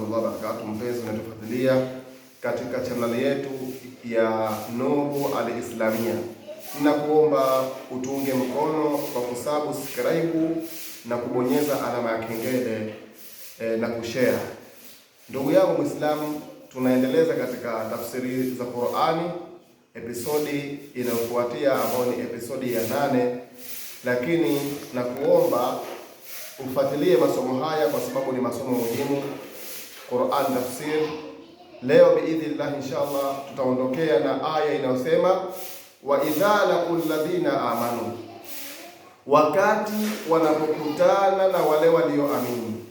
wa barakatuh, Mpenzi unatufadhilia katika chaneli yetu ya Nuru islamia ninakuomba utunge mkono kwa kusubscribe na kubonyeza alama ya kengele e, na kushare. Ndugu yangu Muislamu, tunaendeleza katika tafsiri za Qur'ani, episodi inayofuatia ambayo ni episodi ya nane, lakini nakuomba ufuatilie masomo haya kwa sababu ni masomo muhimu. Quran tafsir. Leo biidhnillah inshallah tutaondokea na aya inayosema wa idha laqul ladhina amanu, wakati wanapokutana na wale walioamini,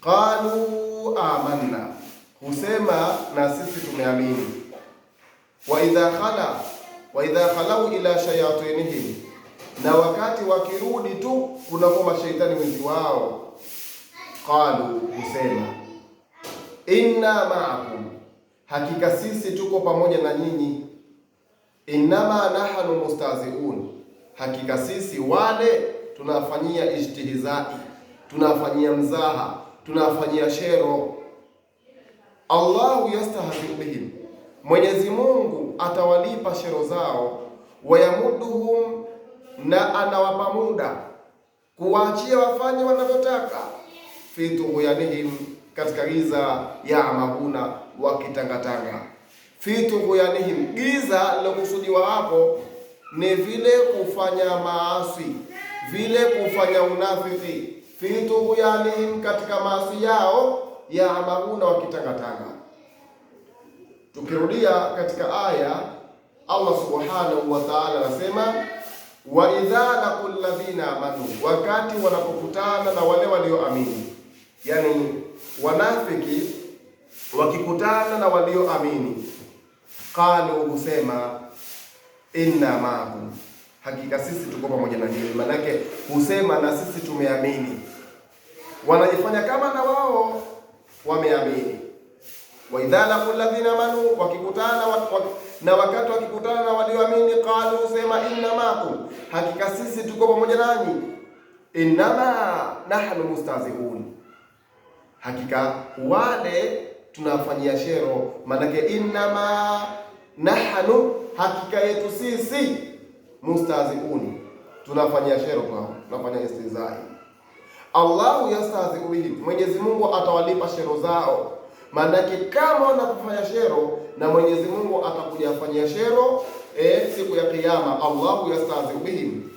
qalu amanna, husema na sisi tumeamini. Wa idha khala wa idha khalau ila shayatinihim, na wakati wakirudi tu kunako mashaitani wenzi wao, qalu husema inna ma'akum, hakika sisi tuko pamoja na nyinyi. Innama nahnu mustaziun hakika sisi wale tunafanyia ijtihizai, tunafanyia mzaha, tunafanyia shero. Allahu yastahzi'u bihim, Mwenyezi Mungu atawalipa shero zao. Wayamuduhum, na anawapa muda kuwaachia wafanye wanavyotaka. fi tughyanihim katika giza ya maguna wakitangatanga, fi giza lilokusudiwa hapo ni vile kufanya maasi, vile kufanya unafiki. Fi katika maasi yao ya maguna wakitangatanga. Tukirudia katika aya, Allah subhanahu wa ta'ala anasema wa idha laqul ladhina amanu, wakati wanapokutana na wale walioamini yani wanafiki wakikutana na walioamini, qalu, husema inna maakum, hakika sisi tuko pamoja na nyinyi. Manake husema na sisi tumeamini, wanajifanya kama na wao wameamini. Wa idha laqul ladhina amanu, wakikutana na wakati wakikutana na walioamini, qalu, husema inna maakum, hakika sisi tuko pamoja nanyi, innama nahnu mustazihun hakika wale tunafanyia shero, maanake innama nahnu, hakika yetu sisi, mustahziuni, tunafanyia shero kwa, tunafanya istizai. Allahu yastahziu bihim, Mwenyezi Mungu atawalipa shero zao, maanake kama wanakufanya shero na Mwenyezi Mungu atakuja afanyia shero eh, siku ya Kiyama. Allahu yastahziu bihim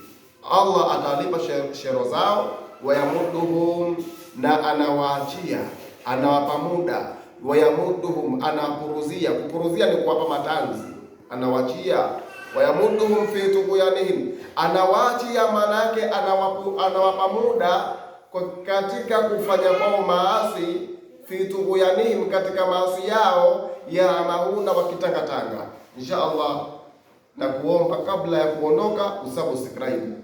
Allah atalipa shero zao, wayamuduhum, na anawaachia anawapa muda, wayamuduhum, anapuruzia. Kupuruzia ni kuwapa matanzi, anawaachia wayamuduhum fi tughyanihim, anawaachia maana yake anawapa muda katika kufanya kwao maasi, fi tughyanihim, katika maasi yao ya mauna wakitangatanga. Insha Allah na kuomba kabla ya kuondoka usubscribe